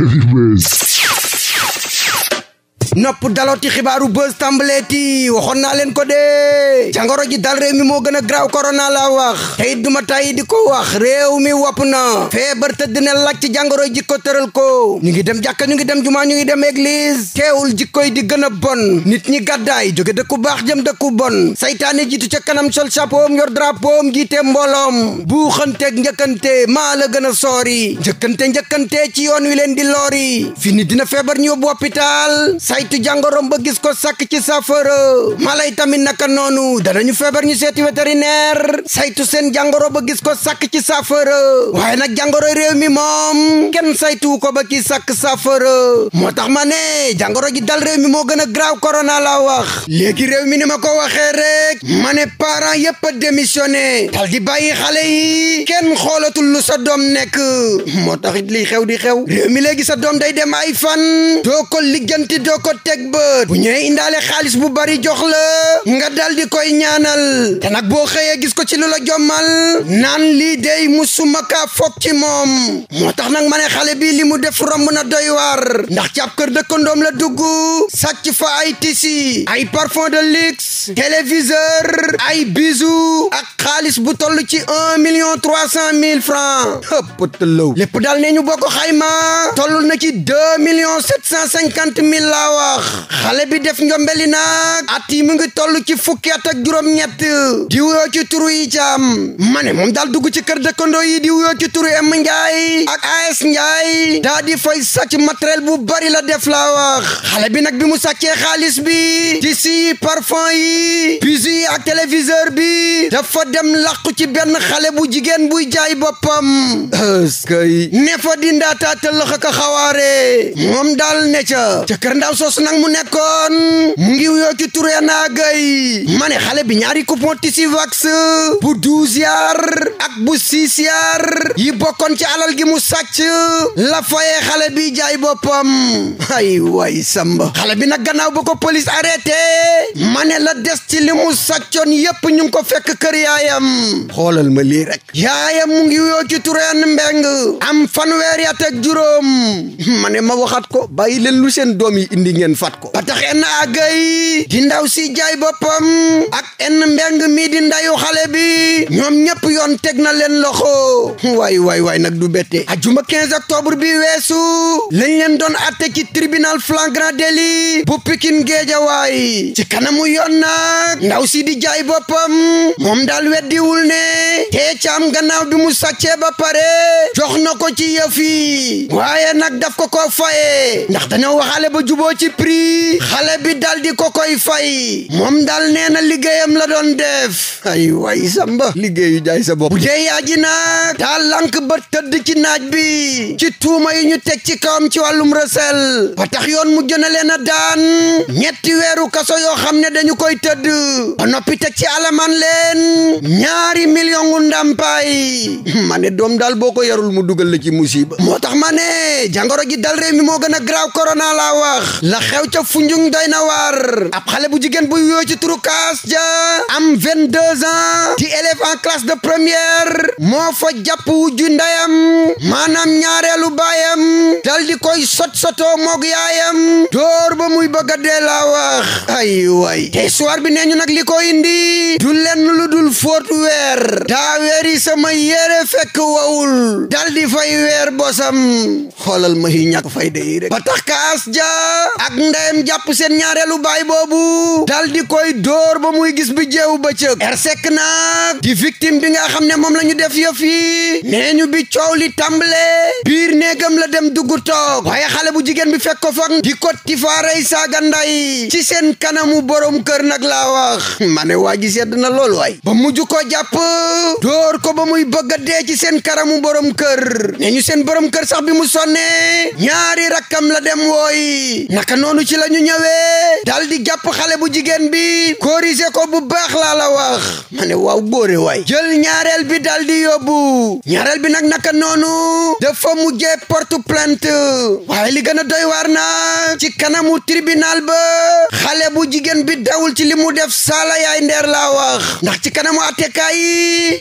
Anyways. nopp dalooti xibaaru buzz tàmbaleeti waxoon naa leen ko dee jangoro ji dal réew mi moo gën a graaw korona la wax tey duma tay di ko wax réew mi wopp na feebar tëdd na laaj ci jangoro ji tëral ko ñu ngi dem jàkka ñu ngi dem jumaa ñu ngi dem église teewul yi di gën a bon nit ñi gàddaay jóge dëkku baax jëm dëkku bon saytaane jiitu ca kanam sol chapeau am yor drapeau am jiite mbooloom buuxanteeg njëkkante maa la gën a soori njëkkante njëkkante ci yoon wi leen di loori fini dina feebar ñu yóbbu saytu jàngoroom ba gis ko sakk ci saafara mala yi tamit naka noonu danañu feebar ñu seeti vétérinaire saytu seen jàngoro ba gis ko sàkk ci saafara waaye nag jàngoro réew mi moom kenn saytu ko ba ki sàkk saafara moo tax ma ne jàngoro ji dal réew mi moo gën a graaw corona la wax léegi réew mi ni ma ko waxee rek ma ne parents yépp a démissionné dal bàyyi xale yi kenn xoolatul lu sa doom nekk moo taxit li xew di xew réew mi léegi sa doom day dem ay fan doo ko lijjanti teg bët bu ñëwee indaale xaalis bu bari jox la nga dal di koy ñaanal te nag boo xëyee gis ko ci lu la jommal naan lii dey musuma kaa foog ci moom moo tax nag ma ne xale bi li mu def romb na doy waar ndax ci ab kër dëkkandoom la dugg sac fa ay tisi ay parfum de luxe téléviseur ay bijoux ak xaalis bu toll ci un million trois cent mille francs ëpptalaw lépp daal ne ñu boo ko xayma toll na ci deux millions sept cent cinquante mille laawa wax xale bi def njombeli nag at yi mu ngi toll ci fukki at ak juróom-ñett di wuyoo ci turu yi caam mane moom daal dugg ci kër dëkkandoo yi di wuyoo ci turu M Njaay ak AS Njaay daa fay sàcc matériel bu bari la def laa wax xale bi nag bi mu sàccee xaalis bi tissu yi parfum yi puce yi ak téléviseur bi dafa dem làqu ci benn xale bu jigéen buy jaay boppam ëskay ne fa di ndaataatal loxo ko xawaare moom daal ne ca jos nag mu nekkoon mu ngi wuyoo ci turee naa gay ma xale bi ñaari coupon Tisivax bu douze ak bu six yards yi bokkoon ci alal gi mu sàcc la fayee xale bi jaay boppam ay waay samba xale bi nag gannaaw ba ko police arrêté ma ne la des ci li mu sàccoon yépp ñu ngi ko fekk kër yaayam xoolal ma lii rek yaayam mu ngi wuyoo ci tureen mbeng am fanweer at ak juróom ma ne ma waxaat ko bàyyi leen lu seen doom yi indi ngeen fat ko ba tax en agay di ndaw si jaay boppam ak en mbeng mii di ndayu xale bi ñoom ñëpp yoon teg na leen loxo waay way waay nag du bette ajuma 15 octobre bi weesu lañ leen doon atte ci tribunal flagrant délit bu Pikine Guédiawaye ci kanamu yoon nag ndaw si di jaay boppam moom daal weddiwul ne tee caam gannaaw bi mu sàccee ba pare jox na ko ci yëf yi waaye nag daf ko ko ndax dañoo waxale ba juboo ci prix xale bi dal di fay moom daal nee na liggéeyam la doon def ay way samba liggéeyu jaay sa bopp bu dee yaa ji nag daa lank ba tëdd ci naaj bi ci tuuma yi ñu teg ci kawam ci wàllum recel ba tax yoon mu jëna leen a daan ñetti weeru kaso yoo xam ne dañu koy tëdd ba noppi teg ci alamaan leen ñaari million ngu ndàmpaay ma ne doom daal boo ko yarul mu dugal la ci musiba moo tax ma ne de jàngoro ji dal réew mi moo a graaw korona laa wax la xew ca Foundiougne doy na waar ab xale bu jigéen bu yoo ci turu kaas ja am 22 ans di élève en classe de première moo fa jàpp wujju ndayam maanaam ñaareelu baay dal di koy sot sotoo moog yaayam door ba muy bëgg a dee laa wax ay way te soir bi nee ñu nag li ko indi du lenn lu dul fóot weer daa weeri sama yére fekk wawul dal fay weer bosam xoolal ma yi ñàkk fayda yi rek ba tax kaas ja ak ndeyam jàpp seen ñaareelu baay boobu dal di koy dóor ba muy gis bi jeewu bëccëg er sekk nag di victime bi nga xam ne moom la def yëf yi nee ñu bi coow li tàmbale biir néegam la dem dugg toog waaye xale bu jigéen bi fekk ko foog di ko tifaaray saaga nday ci seen kanamu borom kër nag la wax ma ne waa ji sedd na lool waay ba mujj ko jàpp dóor ko ba muy bëgg dee ci seen kanamu borom kër nee ñu seen borom kër sax bi mu sonne ñaari rakkam la dem wooy naka noonu ci la ñu ñëwee dal jàpp xale bu jigéen bi corriger ko bu baax laa la wax ma ne waaw góore waay jël ñaareel bi dal di yóbbu ñaareel bi nag naka noonu dafa mujjee porte plainte waaye li gën a doy waar na ci kanamu tribunal ba xale bu jigéen bi dawul ci li mu def saala yaay ndeer laa wax ndax ci kanamu atekaay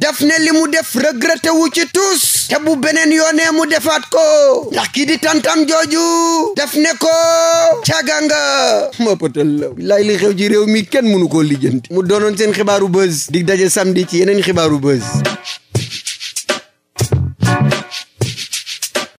def ne li mu def regretté wu ci tous te bu beneen yoonee mu defaat ko ndax kii di tantam jooju def ne ko caga nga ma potal la laay li xew ci réew mi kenn mënu koo lijjanti mu doonoon seen xibaaru buzz dig daje samedi ci yeneen xibaaru buzz